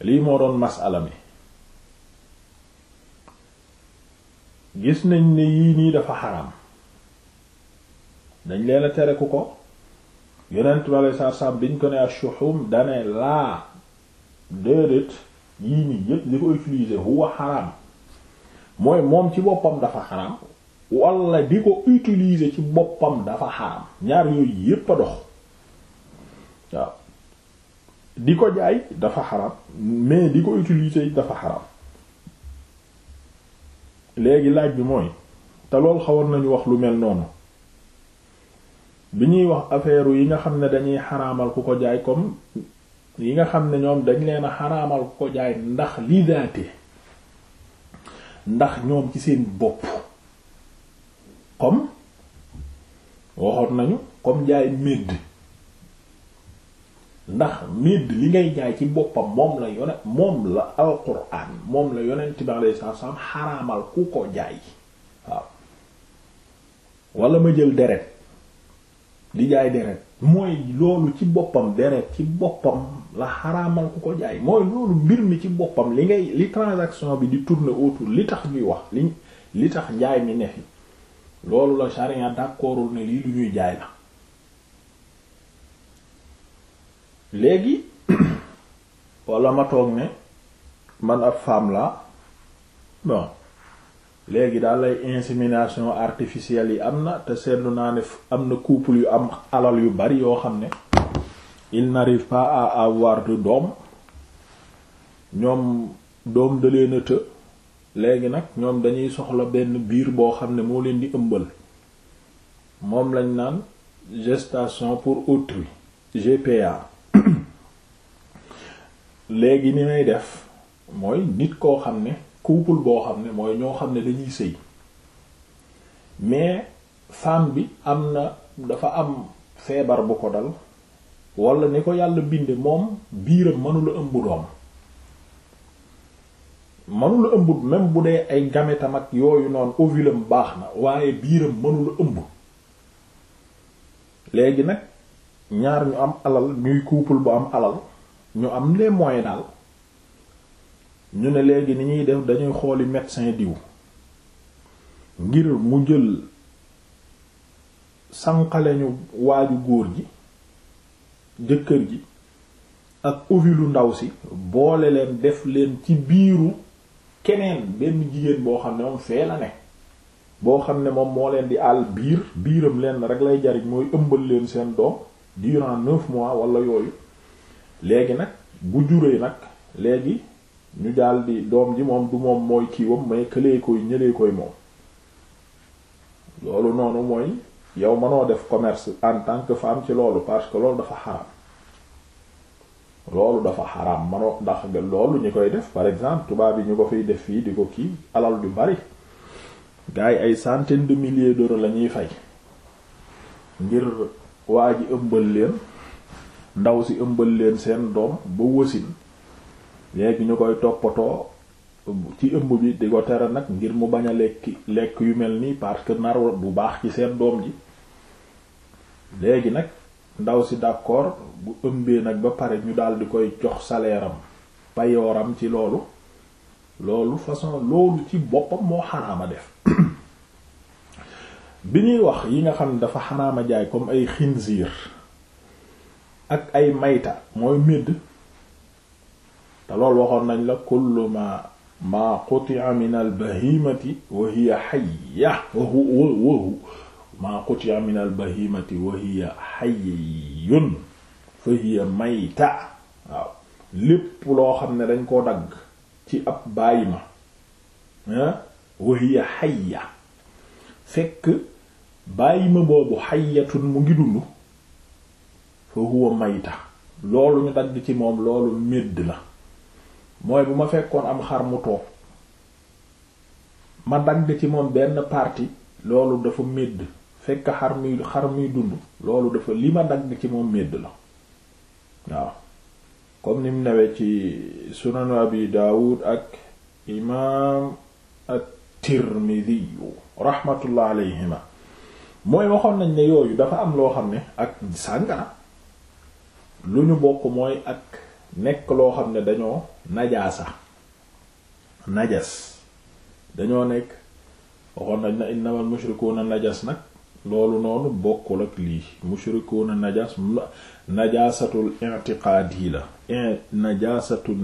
lii moo doon masala mi gis nañ ne yii nii dafa xaram dañ leen a tere ku ko yonent bi alei satu salaam biñ ko ne ashuhum dane laa déedéet yii nii yépp li ko utiliser huwa xaram mooy moom ci boppam dafa xaram walla di ko utiliser ci boppam dafa xaram ñaar yooyu yépp a dox waaw di ko jaay dafa xaram mais di ko utiliser dafa xaram léegi laaj bi mooy te lool xawoon nañu wax lu mel noonu bi ñuy wax affaire yi nga xam ne dañuy xaraamal ku ko jaay comme yi nga xam ne ñoom dañ leen a xaraamal ku ko jaay ndax li daate ndax ñoom ci seen bopp comme waxoon nañu comme jaay medd ndax medd li ngay jaay ci boppam moom la yone moom la alquran moom la yonent bi alayhi salaatu salaam xaraamal ku ko jaay waaw wala ma jël deret di jaay deret mooy loolu ci boppam deret ci boppam la xaraamal ku ko jaay mooy loolu mbir mi ci boppam li ngay li transaction bi di tourner autour li tax ñuy wax li tax jaay mi ne fi loolu la charia d'accordul ne lii lu ñuy jaay la léegi wala ma toog ne man ab femme la bon léegi daal lay insémination artificielle yi am na te seetlu naa ne am na couple yu am alal yu bari yoo xam ne il n'arrive pas à avoir de doom ñoom doom da leen të léegi nag ñoom dañuy soxla benn biir boo xam ne moo leen di ëmbal moom lañ naan gestation pour autrui GPA léegi ni may def mooy nit koo xam ne couple boo xam ne mooy ñoo xam ne dañuy sëy mais femme bi am na dafa am feebar bu ko dal wala ni ko yàlla binde moom biiram mënula ëmb doom mënula ëmb même bu dee ay gametam ak yooyu noonu ovulam baax na waaye biiram mënula ëmb léegi nag ñaar ñu am alal ñuy couple bu am alal ñu am les moyens daal ñu ne léegi ni ñuy def dañuy xooli médecin diw ngir mu jël sanqale ñu waaju góor ji jëkkër ji ak ovilu ndaw si boole leen def leen ci biiru keneen benn jigéen boo xam ne moom fee la ne boo xam ne moom moo leen di àll biir biiram leen rek lay jariñ mooy ëmbal leen seen doom durant neuf mois wala yooyu léegi nag bu juree nag léegi ñu daldi doom ji moom du moom mooy kiiwam mais këlee koy ñëlee koy moom loolu noonu mooy yow mënoo def commerce en tant que femme ci loolu parce que loolu dafa xaram loolu dafa xaram mënoo ndax loolu ñu koy def par exemple tubaab yi ñu ko fiy def fii di ko kii alal yu bari gars yi ay centaines de milliers d'euros la ñuy fay ngir waa ji ëmbal leen ndaw si ëmbal leen seen doom ba wasin léegi ñu koy toppatoo ci ëmb bi di ko tere nag ngir mu bañ a lekki lekk yu mel nii parce que nar bu baax ci seen doom ji léegi nag ndaw si d'accord bu ëmbee nag ba pare ñu daal di koy jox saleeram am payooram ci loolu loolu façon loolu ci boppam moo xaraama def bi ñuy wax yi nga xam ne dafa xaraama jaay comme ay xinziir ak ay mayta mooy médd te loolu waxoon nañ la kullu ma ma quti'a min al bahimati wa hiya hayya wahu ma quti'a min al bahimati wa hiya hayyun fa hiya mayta waaw lépp loo xam ne dañ koo dagg ci ab bàyyi ma ah, wa hiya hayya fekk bàyyi ma boobu hayyatun mu ngi dund fa huwa mayta loolu ñu dagg ci moom loolu médd la mooy bu ma fekkoon am xar mu toog ma dagg ci moom benn partie loolu dafa médd fekk xar muy dund loolu dafa li ma dagg ci moom médd la waaw comme ni mu newee ci sunanu abi daawud ak imaam at-tirmidhi rahmatullah alayhima mooy waxoon nañ ne yooyu dafa am loo xam ne ak sàngara lu ñu bokk mooy ak nekk loo xam ne dañoo najaasa najas dañoo nekk waxoon nañ na innamal mushrikuuna najas nag loolu noonu bokkul ak lii mushrikuuna najas najaasatul intiqaadi la najaasatul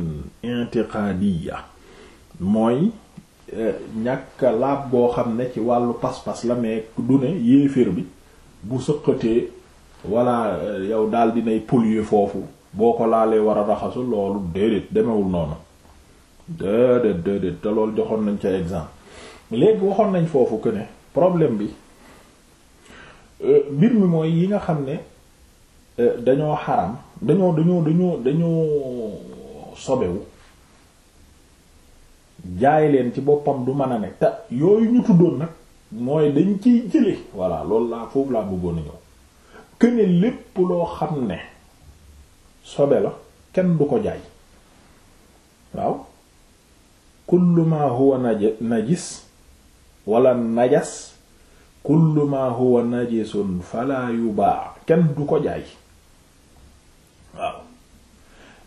intiqaadiya mooy eh, ñàkk laab boo xam ne ci wàllu pas-pas la mais du ne yéeféer bi bu sëqatee wala euh, yow daal dinay polluer foofu boo ko laalee war a raxasu loolu déedéet demewul noonu déedéet déedéet te loolu joxoon nañ ca exemple léegi waxoon nañ foofu que ne problème bi euh, mbir mi mooy yi nga xam ne euh, dañoo xaram dañoo dañoo dañoo dañoo sobewu jaay leen ci boppam du mën a ne ta yooyu ñu tuddoon nag mooy dañ ciy jële voilà loolu laa foofu laa bëggoon a ñëw que ne lépp loo xam ne sobe la kenn du ko jaay waaw kullu ma huwa najis wala najas kullu ma huwa najisun fala yubaa kenn du ko jaay waaw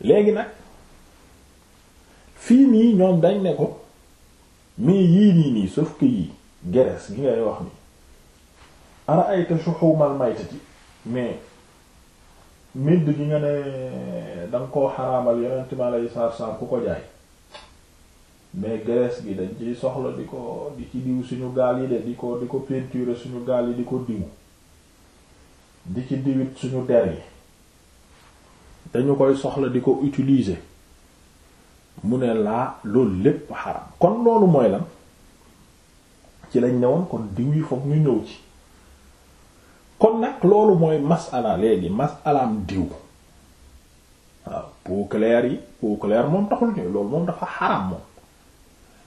léegi nag fii nii ñoom dañ ne ko mais yii nii nii sauf yii gerees gi ngay wax ni ara ayta shuhumal maytati mais midd gi nga ne da nga koo xaraamal yonent mi alayhi salaatu salaam ku ko jaay mais graisse gi dañ ciy soxla di ko di ci diw suñu gaal yi de di ko di ko suñu gaal yi di ko diw di ci diwit suñu der yi dañu koy soxla di ko utiliser mu ne laa loolu lépp xaram kon loolu mooy lan ci lañ newoon kon diw yi foog ñu ñëw ci kon nag loolu mooy masala léegi masalaam diw waaw peau claire yi peau claire moom taxul ñu loolu moom dafa xaram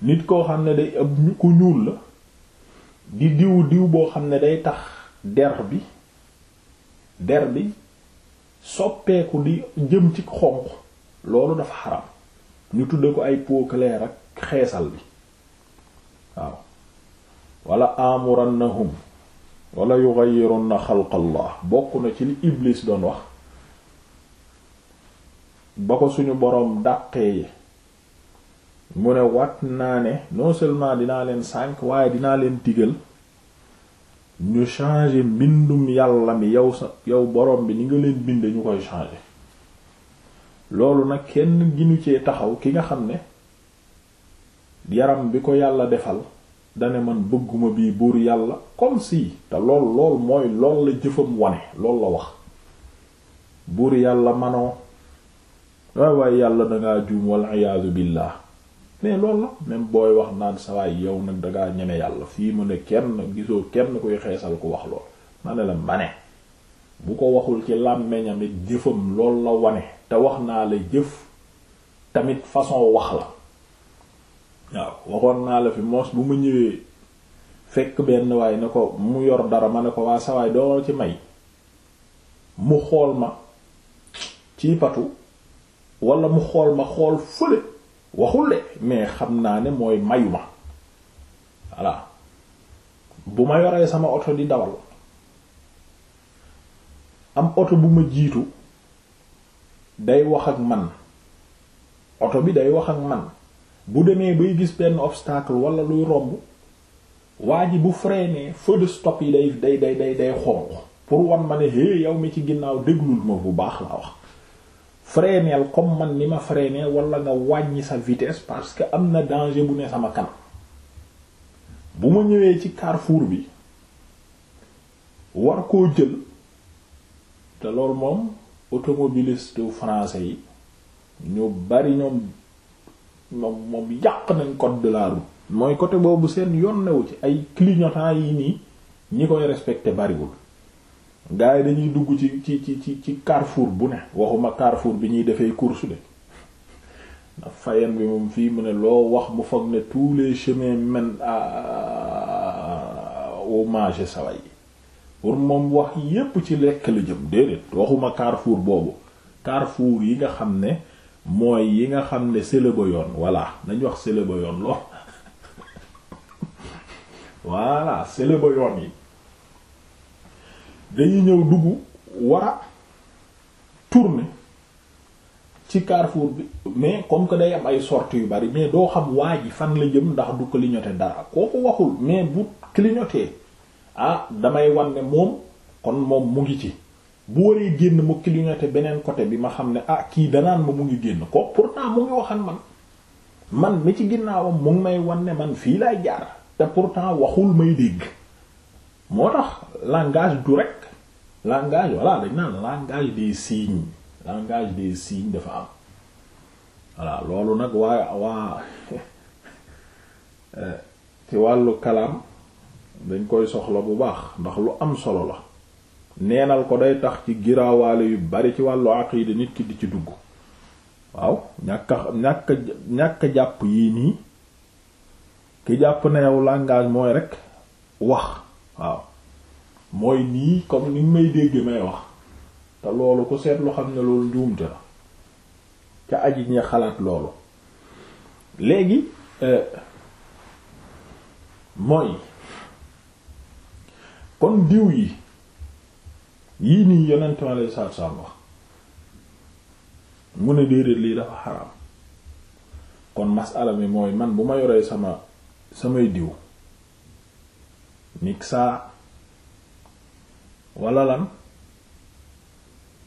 nit koo xam ne day ab ku ñuul la di diw diw boo xam ne day tax der bi der bi soppeeku di jëm ci xonq loolu dafa xaram ñu tudde ko ay peau claire ak xeesal bi waaw wala amurannahum wala yughayirunna xalqallah bokk na ci li iblis doon wax ba ko suñu boroom dàqee yi mu ne wat naa ne non seulement dinaa leen sànk waaye dinaa leen digal ñu changer mbindum yàlla mi yow sa yow boroom bi ni nga leen binde ñu koy changer loolu nag kenn ginu ci taxaw ki nga xam ne yaram bi ko yàlla defal dane man bëgguma bii buur yàlla comme si te lool lool mooy lool la jëfam wane lool la wax buur yàlla manoo waay waay yàlla dangaa juum wal iyaadu billah mais lool la même booy wax naan sawaay yow nag dangaa ñeme yàlla fii mu ne kenn gisoo koy xeesal ku wax lool ma ne mane bu ko waxul ci làmmeñam it jëfam lool la wane te wax naa la jëf tamit façon wax la waaw waxoon naa la fi moos bu ma ñëwee fekk benn waay ne ko mu yor dara ma ne ko waa sawaay doo ci may mu xool ma ci patu wala mu xool ma xool fële waxule mais xam naa ne mooy mayu ma voilà bu ma yoree sama oto di dawal am oto bu ma jiitu day wax ak man oto bi day wax ak man bu demee bay gis benn obstacle wala luy romb waa ji bu freiné feu de stop yi day day day day xonq pour wan ma ne hé yow mi ci ginnaaw déglul ma bu baax laa wax freineel comme man ni ma freiné wala nga wàññi sa vitesse parce que am na danger bu ne sama kan bu ma ñëwee ci carrefour bi war koo jël te loolu moom automobiliste français yi ñu bari ñoom moom moom yàq nañ code de la mooy côté boobu seen yoon newu ci ay clignotants yi nii ñi koy respecté bariwul gars yi dañuy dugg ci ci ci ci ci carrefour bu ne waxuma carrefour bi ñuy defee course de ndax bi moom fii mu ne loo wax mu foog ne tous les chemins mènent au marché saway pour moom wax yépp ci lekk la jëm déedéet waxuma carrefour boobu carrefour yi nga xam ne mooy yi nga xam ne sëlëba yoon voilà nañ wax sëlëba yoon lool voilà sëlëba yoon yi dañu ñëw dugg war a tourner ci carrefour bi mais comme que day am ay sorties yu bari mais doo xam waa ji fan la jëm ndax du clignoter dara kooku waxul mais bu clignoter ah damay wan ne moom kon moom mu ngi ci bu waree génn mu clignoté beneen côté bi ma xam ne ah kii danaan ma mu ngi génn ko pourtant mu ngi wax ak man man mi ci ginnaawam mu ngi may wan man fii laay jaar te pourtant waxul may dégg moo tax langage du rek langage voilà dañ naan langage des signes langage des signes dafa am voilà loolu nag waa waa euh, ci wàllu kalam dañ koy soxla bu baax ndax lu am solo la neenal ko day tax ci giraawaale yu bari ci wàllu aqiida nit ki di ci dugg waaw ñàkk ñàkk ñàkk jàpp yii nii ki jàpp na yow langage mooy rek wax waaw mooy nii comme ni may dégg may wax te loolu ku seetlu xam ne loolu njuumte la ca aji ñi xalaat loolu léegi euh, mooy kon diw yi yii nii yonent ma lay saat saam wax mu ne déedéet lii dafa xaraam kon masala mi mooy man bu ma yoree sama samay diw nit saa wala lan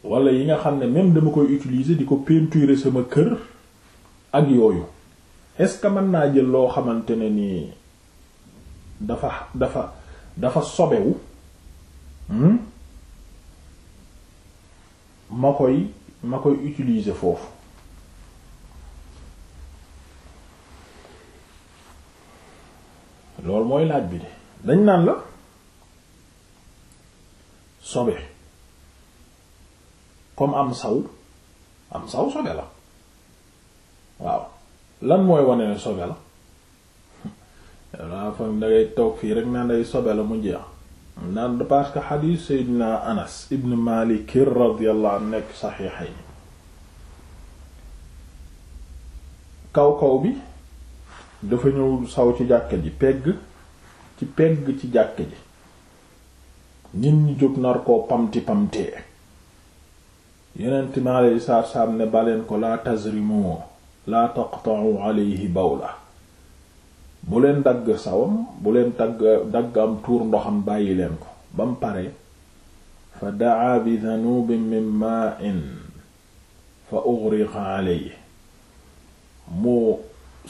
wala yi nga xam ne même dama koy utilise di ko peinturer sama kër ak yooyu est-ce que mën naa jël loo xamante ne nii dafa dafa dafa sobewu hmm? ma koy ma koy utiliser foofu loolu mooy laaj bi de dañ naan la sobe comme am saw am saw sobe la waaw lan mooy wane ne sobe la daa fa dangay toog fii rek naan day sobe la mu jeex naan parce que xadiis na Anas ibn Maalik radiyallahu anhu nekk saxiixayn kaw kaw bi dafa ñëw saw ci jàkka ji pegg ci pegg ci jàkka ji nit ñi jóg nar koo pamti pamtee yeneen timaale yi saar saam ne baleen ko laa tazrimu laa taqta'u alayhi bawla bu dagg sawam bu leen dagg dagg am tuur ndoxam bàyyi leen ko bam pare paree fa daa bi danubin min ma'in fa ughriqa alayhi mu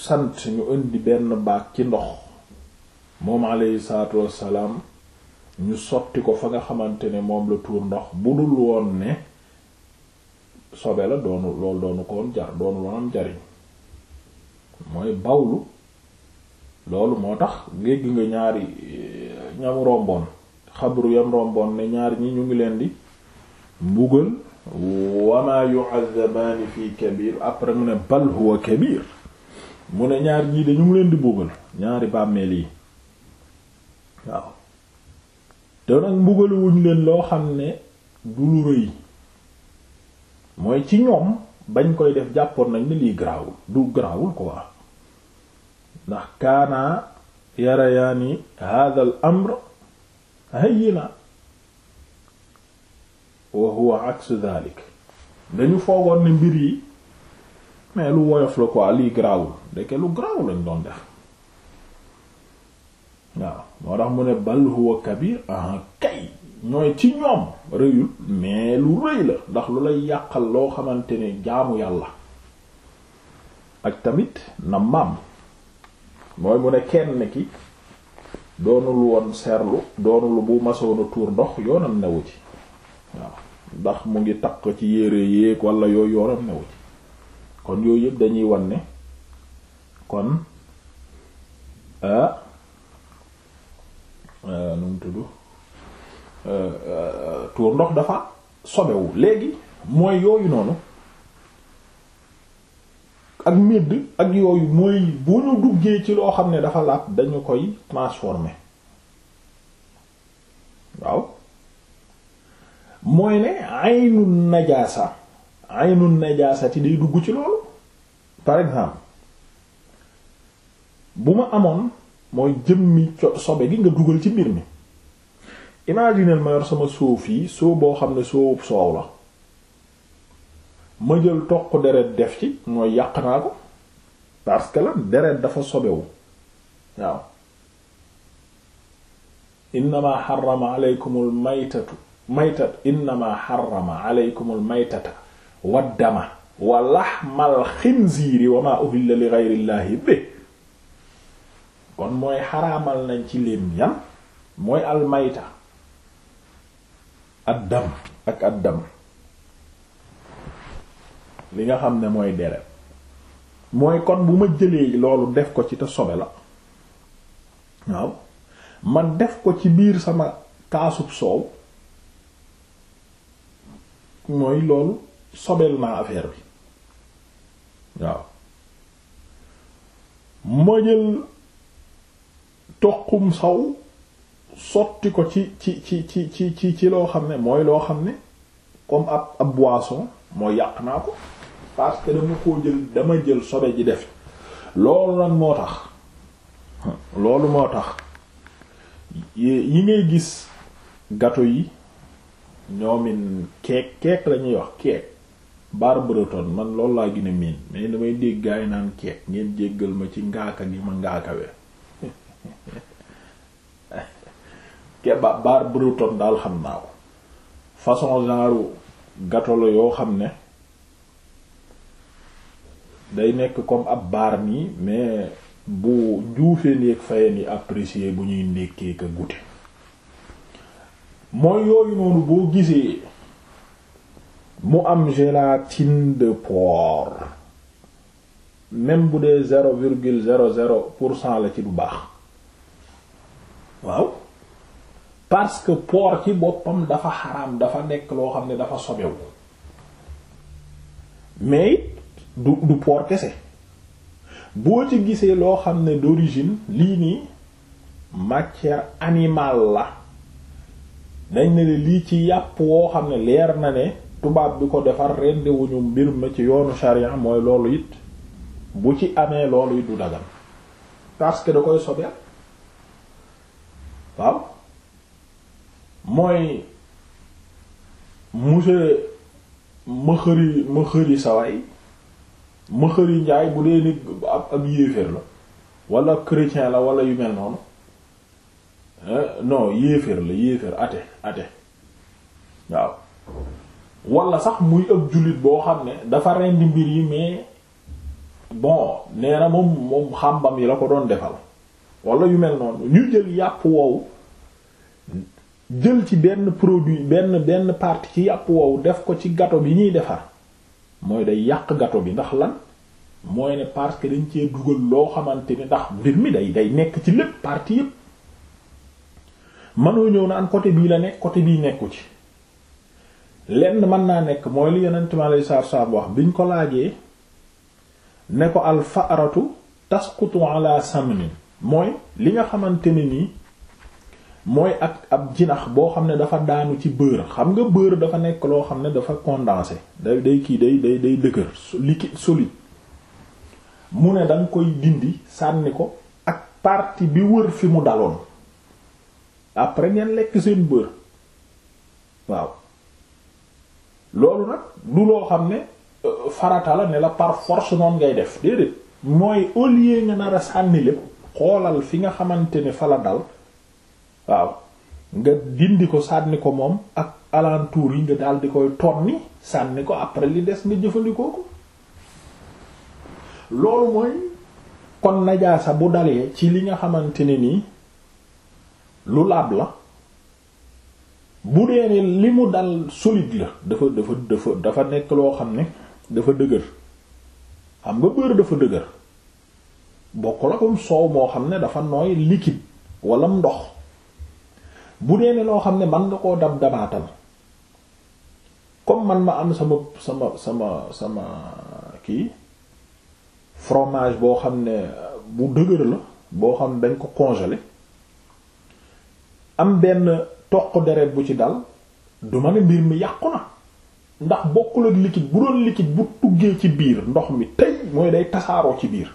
sant ñu indi benn baag ci ndox moom alayhi salaatu wassalaam ñu sotti ko fa nga xamante ne moom la tuur ndox bu dul woon ne sobe la doonu loolu doonu ko jar doonu woon jariñ mooy bawlu loolu moo tax géej nga ñaari ñam romboon xabru yam romboon ne ñaari ñi ñu ngi leen di mbugal wama yu'azzabaani fi kabir après mu ne bal huwa kabir mu ne ñaar ñii de ñu ngi leen di mbugal ñaari bàmmeel yi waaw te nag mbugaluwuñ leen loo xam ne du lu rëy mooy ci ñoom bañ koy def jàppoon nañ ne lii garaawul du garaawul quoi ndax kaana yarayaani hada al amr hayyina wa huwa aksu dalik dañu foogoon ne mbir yi mais lu woyof la quoi lii garaawul ndeke lu garaaw lañ doon waaw moo tax mu ne bal huwa kabir kay ñooy ci ñoom rëyul mais lu rëy la ndax lu lay yàqal loo xamante ne jaamu yàlla ak tamit na maam mooy mu ne kenn ki doonul woon seerlu doonul bu masoona tour ndox yoonam newu ci waaw ndax mu ngi takk ci yére yéeg wala yooyu yoonam newu ci kon yooyu yëpp dañuy wan ne kon ah, ah nu mu tudd ah, ah, tuur ndox dafa sobewu léegi mooy yooyu noonu ak médd ak yooyu mooy bu ñu duggee ci loo xam ne dafa laab dañu koy transformer waaw mooy ne aynu najaasa aynu najaasa ti day dugg ci loolu par exemple bu ma amoon mooy jëmmi sobe gi nga dugal ci mbir mi imagineel ma yor sama suuf yi soo boo xam ne soowu soow la ma jël toq deret def ci mooy yàq naa ko parce que la deret dafa sobewu waaw innama xarama aleykumul maytatu maytat innama xarama aleykumul maytata waddama wa laxmal xinziiri wa ma uhilla li geyrillahi bi kon mooy xaraamal nañ ci leen yan mooy almayta addam ak addam li nga xam ne mooy deret mooy kon bu ma jëlee loolu def ko ci te sobe la waaw ma def ko ci biir sama kaasub soow mooy loolu sobel naa affaire bi waaw ma jël toqum saw sotti ko ci ci ci ci ci ci ci loo xam ne mooy loo xam ne comme ab ab boisson mooy yàq naa ko parce que dama koo jël dama jël sobe ji def loolu nag moo tax loolu moo tax yi ngay gis gâteau yi ñoomin keek keek la wax keek bar breton man loolu laa gën a miin mais damay dégg naan keek ngeen jéggal ma ci ngaaka gi ma ngaakawe ke ba bar daal xam naa ko façon genre gâteau la yoo xam ne day nekk comme ab baar nii mais bu njuufeen yeeg fayeen yi apprécier bu ñuy ndékkee ka goûter mooy yooyu noonu boo gisee mu am gélatine de porc même bu dee zéro virgule zéro zéro pour cent la ci du baax waaw parce que porc ci boppam dafa xaraam dafa nekk loo xam ne dafa sobewu mais du du port kese boo ci gisee loo xam ne d'origine lii nii matière animale la dañ ne lii ci yàpp woo xam ne leer na ne tubaab bi ko defar rendewuñu mbir ma ci yoonu sharia mooy loolu it bu ci amee loolu it du dagan parce que da koy sobeel waaw mooy monsieur ma xëri ma xëri saway ma xëri njaay bu dee ni ab yéeféer la wala chrétien la wala yu mel noonu eh, non yéeféer la yéeféer ate athée waaw wala sax muy ëpp jullit boo xam ne dafa rendi mbir yi mais bon nee na moom moom xàmbam yi la ko doon defal wala yu mel noonu ñu jël yàpp wow jël ci benn produit benn benn partie ci yàpp woowu def ko ci gato bi ñuy defar mooy day yàq gato bi ndax lan mooy ne parce que dañ cee dugal loo xamante ni ndax mbir mi day day nekk ci lépp parti yépp mënoo ñëw naan côté bii la nekk côté bii nekku ci lenn mën naa nekk mooy li yeneen ma lay saar saar wax biñ ko laajee ne ko alfaaratu la ala samnin mooy li nga xamante ni nii mooy ak ab jinax boo xam ne dafa daanu ci beurre xam nga beurre dafa nekk loo xam ne dafa condensé day day kii day day day dëgër liquide solide mu ne danga koy dindi sànni ko ak partie bi wër fi mu daloon après ngeen lekk seen beurre waaw loolu nag du loo xam ne euh, farata la ne la par force noonu ngay def déedéet mooy au lieu nga nar a sànni lépp xoolal fi nga xamante ne fa la dal waaw nga dindi ko sànni ko moom ak alentour yi nga daal di koy ni sànni ko après li des nga jëfandikoo ko loolu mooy kon najaasa bu dalee ci li nga xamante ne nii lu laab la bu dee ne li mu dal solide la dafa dafa dafa dafa nekk loo xam ne dafa dëgër xam nga beurre dafa dëgër bokk la comme soow moo xam ne dafa nooy liquide wala ndox bu dee ne loo xam ne man nga koo dab dabaatal comme man ma am sama sama sama sama kii fromage boo xam ne bu dëgër la boo xam ne dañ ko congelé am benn toq deret bu ci dal du ma ne mbir mi yàqu na ndax bokkul ak liquide bu doon liquide bu tuggee ci biir ndox mi tey mooy day tasaaroo ci biir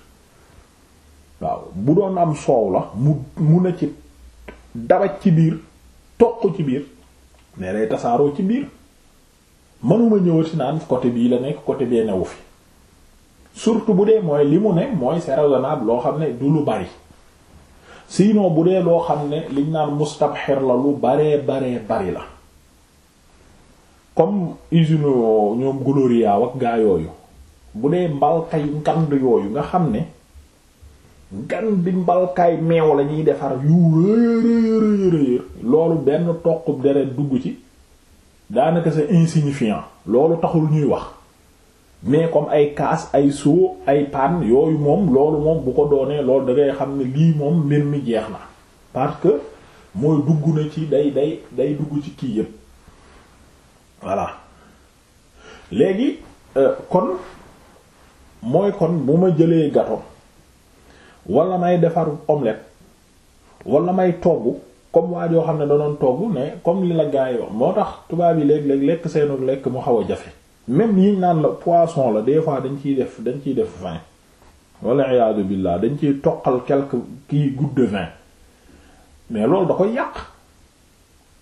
waaw bu doon am soow la mu mun a ci dabaj ci biir toq ci biir mais day tasaaroo ci biir manuma ñëwati naan côté bii la nekk côté bee newu fi surtout bu dee mooy li mu ne mooy c'est raisonnable loo xam ne du lu bari sinon bu dee loo xam ne liñ naan mustabxir la lu baree baree bari la comme usine ñoom Gloria ak gaa yooyu bu dee mbal kay ngand yooyu nga xam ne gan bi mbalkaay meew la ñuy defar yu rëy loolu benn toqub deret dugg ci daanaka c'est insignifiant loolu taxul ñuy wax mais comme ay kaas ay soo ay paan yooyu moom loolu moom bu ko doonee loolu da xam ne lii moom mbir mi jeex na parce que mooy dugg na ci day day day dugg ci kii yépp voilà léegi euh, kon mooy kon bu ma jëlee gato wala may defar omelette wala may togg comme waa yoo xam ne da doon togg ne comme li la gaa yi moo tax tubaab yi léegi léeg lekk seenu lekk mu xaw a jafe même yiñ naan la poisson la des fois dañ ciy def dañ ciy def vin wala iyaadu billah dañ ciy toqal quelque kii goutte de vin mais loolu da koy yàq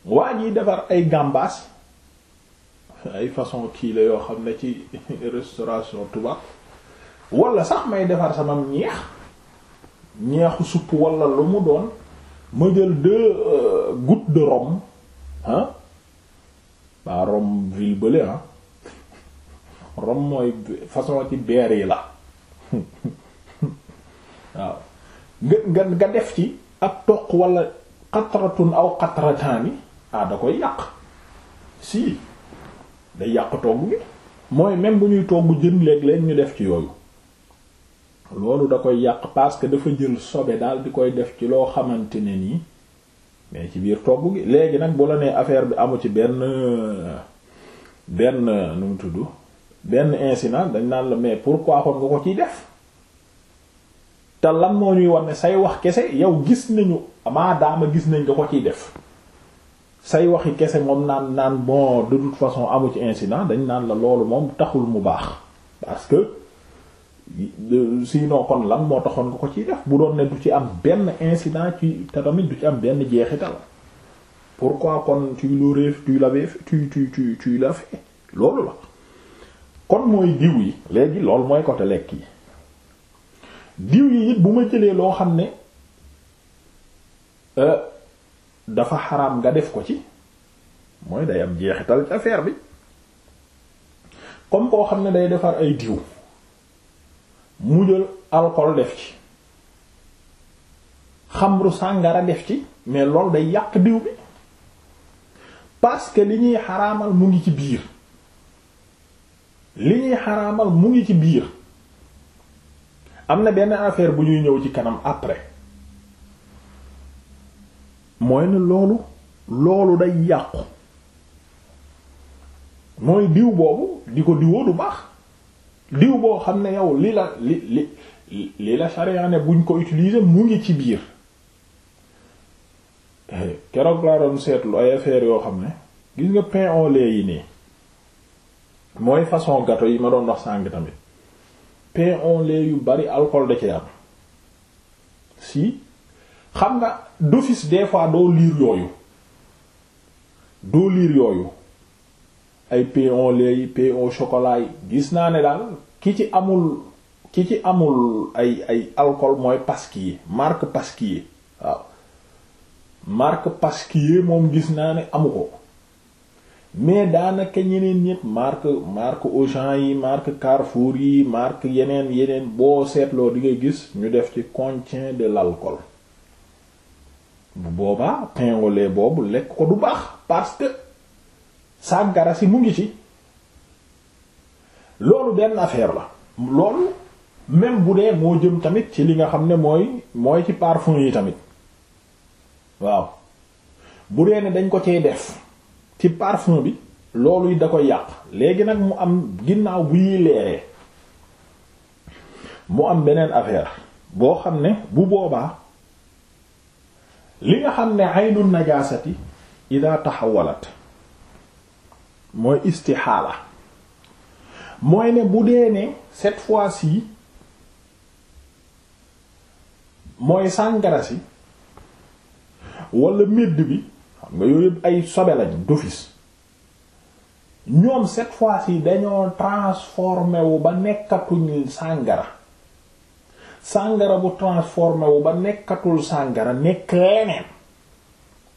waa jiy defar ay gambas ay façon kii la yoo xam ne ci restauration tubaab wala sax may defar sama ñeex ñeexu supp wala lu mu doon ma jël deux euh, gouttes de rhum ah ba rhum ville bële ah rhum mooy façon ci beer yi la waaw nga nga nga def ci ak toq walla xatratun aw xatrataani ah da koy yàq si day yàq togg gi mooy même bu ñuy togg jën léeg-léeg ñu def ci yooyu loolu da koy yàq parce que dafa jël sobe daal di koy def ci loo xamante ne nii mais ci biir togg gi léegi nag bu nee affaire bi amu ci benn benn nu mu tudd benn incident dañ naan la mais pour pourquoi kon nga ko ciy def te lan moo ñuy war ne say wax kese yow gis nañu daama gis nañ nga ko ciy def say waxi kese moom naan naan bon de toute façon amu ci incident dañ naan la loolu moom taxul mu baax parce que. sinon kon lan moo taxoon nga ko ciy def bu doon ne du ci am benn incident ci te tamit du ci am benn jeexital pourquoi kon tu l'aurais tu l'avais tu tu tu tu l'as fait loolu la kon mooy diw yi léegi loolu mooy côté lekk yi diw yi it bu ma jëlee loo xam ne euh, dafa xaraam nga def ko ci mooy day am jeexital ci affaire bi comme koo xam ne day defar ay diw mu jël alcool def ci xamru sàngara def ci mais loolu day yàq diw bi parce que li ñuy xaraamal mu ngi ci biir li ñuy xaraamal mu ngi ci biir am na benn affaire bu ñuy ñëw ci kanam après mooy ne loolu loolu day yàqu mooy diw boobu di ko diwoo du baax diw boo xam ne yow li la li li li la sharia ne buñ ko utiliser mu ngi ci biir eh, keroog laa doon seetlu ay affaires yoo xam ne gis nga pain au lait yi nii mooy façon gato yi ma doon wax sàng tamit pain au lait yu bari alcool de ci am si xam nga d'office des fois doo liir yooyu doo liir yooyu ay paon lait paon chocolat yi gis naa ne daal ki ci amul ki ci amul ay ay alcool mooy pasquier marque pasquier waaw marque yi moom gis naa ne amu ko mais daanaka ñeneen ñépp marque marque Auchan yi marque Carrefour yi marque yeneen yeneen boo seetloo di nga gis ñu def ci contient de l'alcool bu boobaa pain boobu lekk ko du baax parce sàggara si mu ngi ci loolu benn affaire la lool même bu dee moo jëm tamit ci li nga xam ne mooy mooy ci parfum yi tamit waaw bu dee ne dañ ko cee def ci parfum bi loolu yi da koy yàq léegi nag mu am ginnaaw bu yi leeree mu am beneen affaire boo xam ne bu boobaa li nga xam ne aynun najasati ida taxawalat mooy istixaala mooy ne bu dee ne cette fois-ci mooy sàngara si wala medd bi xam nga yooyu yëpp ay sobe lañ d'office ñoom cette fois yi dañoo transformé wu ba nekkatuñu sàngara sàngara bu transformé wu ba nekkatul sàngara nekk leneen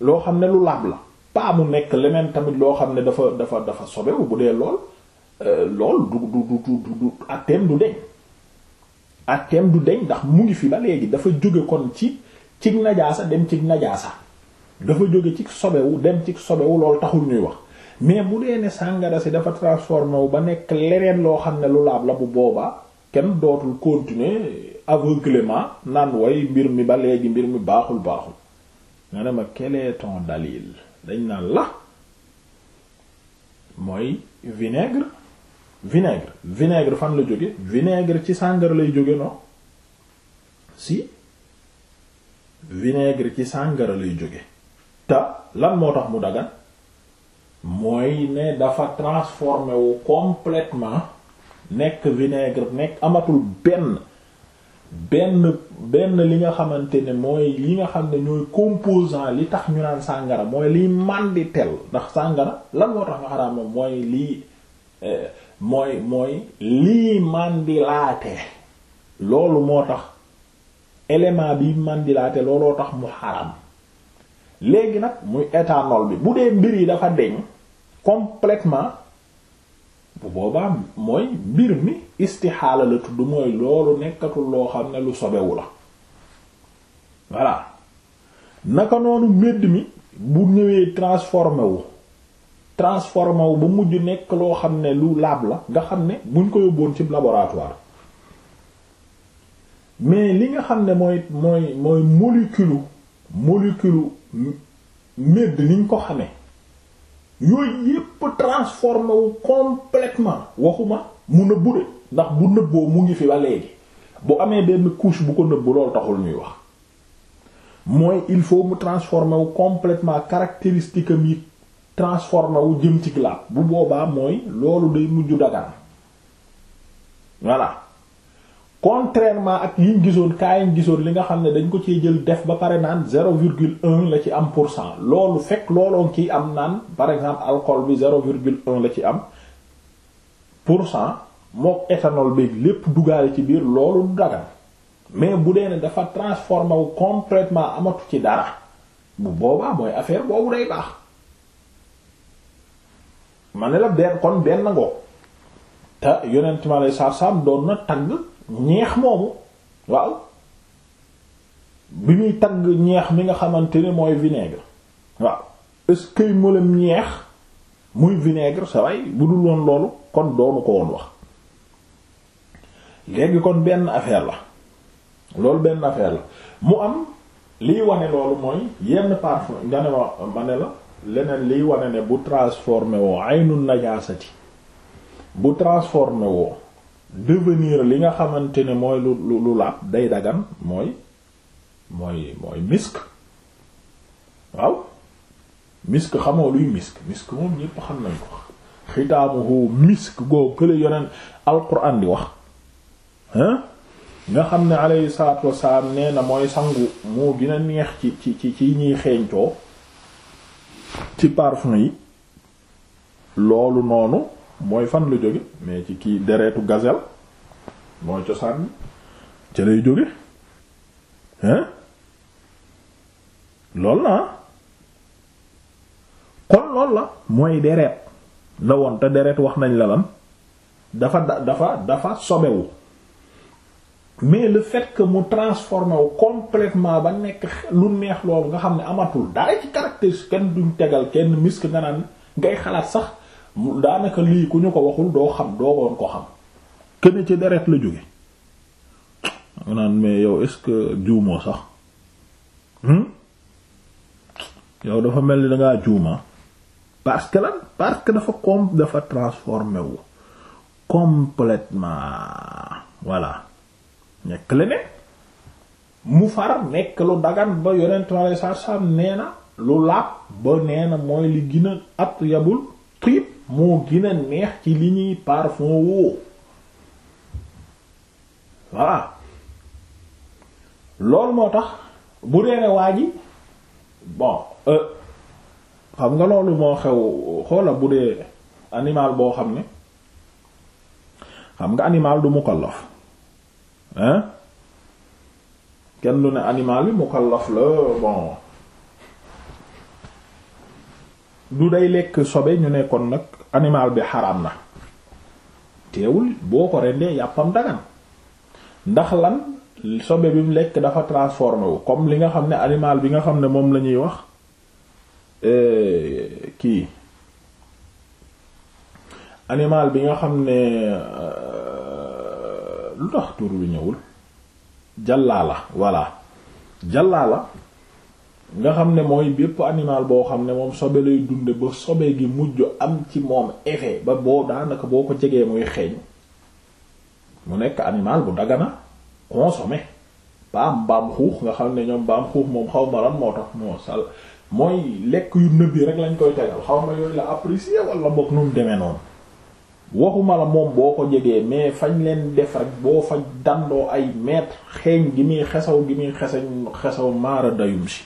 loo xam ne lu laab la pas mu nekk leneen tamit loo xam ne dafa dafa dafa sobewu bu dee lool euh, lool du du du du du atteem du deñ du deñ ndax mu ngi fi ba léegi dafa jóge kon ci cig najaasa dem cig najaasa dafa jóge ci sobewu dem ci sobewu loolu taxul ñuy wax mais bu dee ne sàngara si dafa transformé wu ba nekk leneen loo xam ne lu laab la bu boobaa kenn dootul continuer aveuglement naan way mbir mi ba léegi mbir mi baaxul baaxul nga ne ma quel est ton dalil dañ naan la mooy vinaigre vinaigre vinaigre fan la jóge vinaigre ci sàngara lay jóge non si vinaigre ci sàngara lay jóge te lan moo tax mu dagan mooy ne dafa transformé wu complètement nekk vinaigre nekk amatul benn benn benn li nga xamante ne mooy li nga xam ne ñooy composant li tax ñu naan sàngara mooy liy mànditel ndax sàngara lan moo tax nga xaraam mooy lii eh, mooy mooy lii màndilaate loolu moo tax élément bi màndilaate looloo tax mu xaraam léegi nag muy éthanol bi bu dee mbir yi dafa deñ complètement bu boobaa mooy mbir mi istixaala la tudd mooy loolu nekkatul loo xam ne lu sobewu la voilà naka noonu mbedd mi bu ñëwee transformé wu transformé ba mujj nekk loo xam ne lu laab la nga xam ne buñ ko yóbboon ci laboratoire mais li nga xam ne mooy mooy mooy molécule molécule mbedd niñ ko xamee yooyu yépp transformé wu complètement waxuma mu nëbbu de ndax bu nëbboo mu ngi fi ba léegi bu amee benn couche bu ko nëbbu loolu taxul ñuy wax mooy il faut mu transformé wu complètement caractéristique am yi transformé wu jëm ci bu boobaa mooy loolu day mujj dagaan voilà contrairement ak yiñ gisoon kaa yiñ gisoon li nga xam ne dañ ko ci jël def ba pare naan zéro virgule un la ci am pour cent loolu fekk looloo ciy am naan par exemple alcool bi zéro virgule un la ci am pour cent mook éthanol bi lépp dugaale ci biir loolu dagan mais bu dee ne dafa transformé wu complètement amatu ci dara bu boobaa mooy affaire boobu day baax ma ne la benn kon benn ngoo te yonent ma lay saar doon na tàng ñeex moomu waaw bi muy tagg ñeex mi nga xamante ne mooy vinaigre waaw est-ce ñeex muy vinaigre sa way bu dul woon loolu kon doonu ko woon wax léegi kon benn affaire la loolu benn affaire la mu am liy wane loolu mooy yenn parfum nga ne ma ma ne la leneen liy wane ne bu transformé woo aynul najaasati bu transformé woo devenir li nga xamante ne mooy lu lu laab day dagan mooy mooy mooy misk waaw misk xamoo luy misk misk moom ñépp xam nañ ko xitaamuhu misk goo kële yoneen alquran di wax hein nga xam ne alayhi salaatu wasalaam nee na mooy sangu moo gën a neex ci ci ci ci ñuy xeeñtoo ci parfum yi loolu noonu mooy fan lu jóge mais ci kii deretu gazel mooy cosaan ca lay jóge hein lool na ah. kon lool la mooy deret la woon te deret wax nañ la lan dafa dafa dafa sobewu mais le fekk mu transformé wu complètement ba nekk lu neex loolu nga xam ne amatul dara ci caractère kenn duñ tegal kenn misk nga naan ngay xalaat sax daanaka lii ku ñu ko waxul doo xam doo woon ko xam këne ci deret la jóge nga naan mais yow est-ce que juumoo sax hmm? yow dafa mel ni dangaa juuma parce que lan parce que dafa com dafa transformé wu complètement mu far nekk lu dagan ba yonent ma lu laab ba nee mooy li gën a at yabul tiib moo gën neex ci li ñuy parfum woo voilà loolu moo tax bu reene waa ji bon euh, xam nga loolu moo xew xoola bu dee animal boo xam ne xam nga animal du mukallaf hein kenn du ne animal bi mukallaf la bon du day lekk sobe ñu nekkoon nag animal bi xaraam na teewul boo ko rendee yàppam dagan ndax lan sobe bi mu lekk dafa transformé wu comme li nga xam ne animal bi nga xam ne moom la ñuy wax euh, kii animal bi nga xam ne euh, lu tax tur bi ñëwul jàllaa la voilà jàllaa la nga xam ne mooy bépp animal boo xam ne moom sobe lay dunde ba sobee gi mujj am ci moom effet ba boo daanaka boo ko jegee muy xeeñ mu nekk animal bu dagana consommé baam baam xuux nga xam ne ñoom baam xuux moom xaw ma lan mooy lekk yu nëbbi rek lañ koy tegal xaw ma yooyu la apprécier wala boog nu mu demee noonu waxuma la moom boo ko jegee mais fañ leen def rek boo fañ dandoo ay mètre xeeñ gi muy xesaw gi muy xesañ xesaw maara dayum si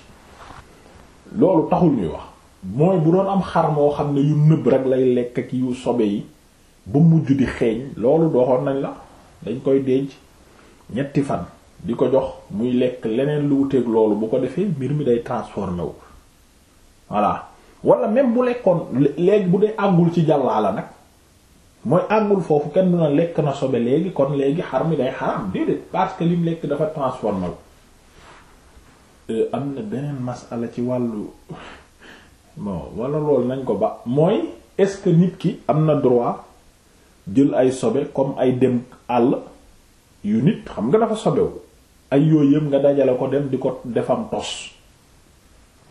loolu taxul ñuy wax mooy bu doon am xar moo xam ne yu nëb rek lay lekk ak yu sobe yi ba mujj di xeeñ loolu doxoon nañ la dañ koy denc ñetti fan di ko jox muy lekk leneen lu wuteeg loolu bu ko defee mbir mi day transformé wu voilà wala même bu lekkoon léegi bu dee àggul ci jàllaa la nag mooy àggul foofu kenn du na lekk na sobe léegi kon léegi xar mi day xaram déedéet parce que lim lekk dafa transformé Euh, am na beneen masala ci wàllu bon walla loolu nañ ko ba mooy est-ce que nit ki am na droit jël ay sobe comme ay dem àll yu nit xam nga dafa sobewu ay yooyu yëpp nga dajale ko dem di ko defam tos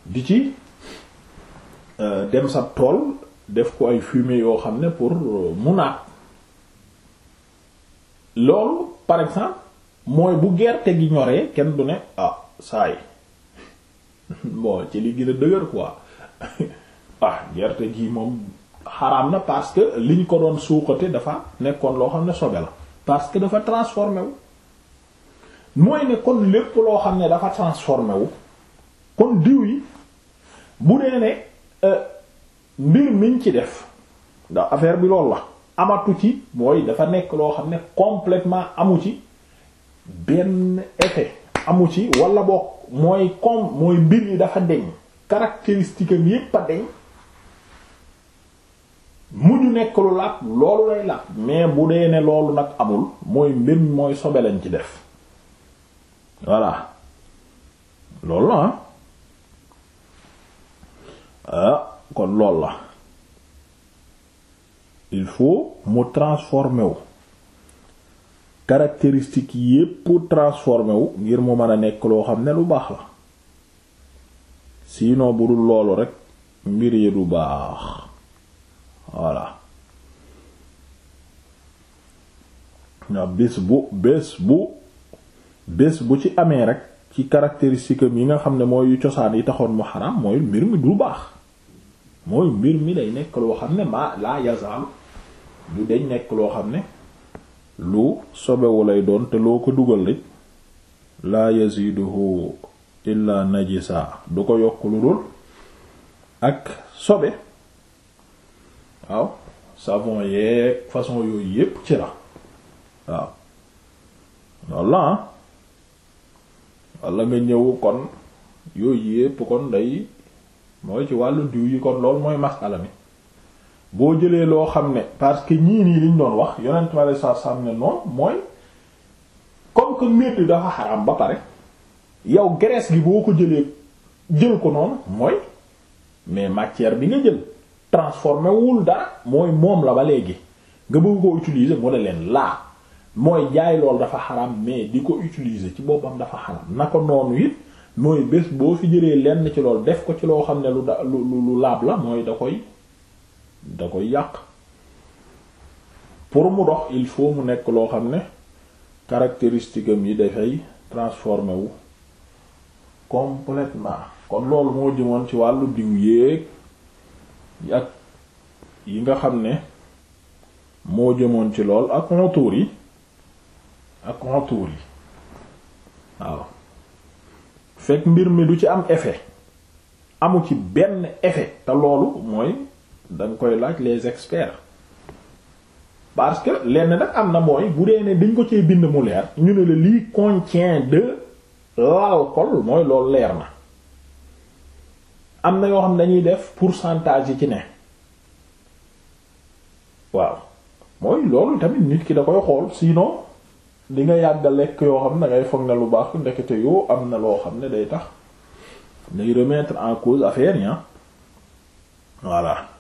di ci euh, dem sa tool def ko ay fumier yoo xam ne pour euh, mu naat loolu par exemple mooy bu gerte gi ñoree kenn du ne ah saa bon ci li gën a dëgër quoi ah gerte gii moom xaraam na parce que liñ ko doon suuxate dafa nekkoon loo xam ne sobe la parce que dafa transformé wu mooy ne kon lépp loo xam ne dafa transformé wu kon diw yi bu dee ne euh, mbir miñ ci def ndax affaire bi loolu la amatu ci mooy dafa nekk loo xam ne complètement amu ci benn effet amu ci wala boog mooy comme mooy mbir yi dafa deñ caractéristique yépp a deñ mu ñu nekk lu loolu lay laab mais bu dee ne loolu nag amul mooy mbir mooy sobe lañ ci def voilà loolu la ah. Ah, kon loolu la il faut mu transformer wu caractéristiques yépp transformé wu ngir mu man a nekk loo xam ne lu baax la sinon bu dul loolu rek mbir yi du baax voilà bés bu bés bu bu ci amee rek ci caractéristique yi nga xam ne mooy cosaan yi taxoon mu xaraam mooy mbir mi du baax mooy mbir mi day nekk loo xam ne ma laa yazal du dañ nekk loo xam ne lu sobewu lay doon te loo ko dugal rek laa yaziduhu illa najisa du ko yokk lu dul ak sobe waaw savon yee façon yooyu yépp ci la waaw walla walla nga ñëw kon yooyu yépp kon day mooy ci wàllu diw yi kon lool mooy masala mi boo jëlee loo xam ne parce que ñii nii liñ doon wax yonent ma saa sam ne noonu mooy comme que métti ba pare yow graisse gi boo ko jëlee jël ko noonu mooy mais matière bi nga jël transformé wul dara mooy moom la ba léegi nga bëgg ko utiliser mu ne leen laa mooy jaay lool dafa xaram mais di ko utiliser ci boppam dafa xaram na ko noonu it mooy bés boo fi jëlee lenn ci lool def ko ci loo xam ne lu da lu lu laab la mooy da koy. da koy yàq pour mu dox il faut mu nekk loo xam ne caractéristique am yi dafay transformé wu complètement kon lool moo jëmoon ci wàllu diw yéeg ak yi nga xam ne moo jëmoon ci lool ak contour yi ak contour yi waaw fekk mbir mi du ci am effet amu ci benn effet te loolu mooy danga koy laaj les experts parce que lenn nag am na mooy bu dee ne dañ ko cee bind mu leer ñu ne la lii contient de l'alcool mooy loolu leer na am na yoo xam dañuy def pour pourcentage yi ci ne waaw mooy loolu tamit nit ki da koy xool sinon di nga yàgg lekk yoo xam ne dangay foog ne lu baax ndekete yoo am na loo xam ne day tax day remettre en cause affaire yi ah. voilà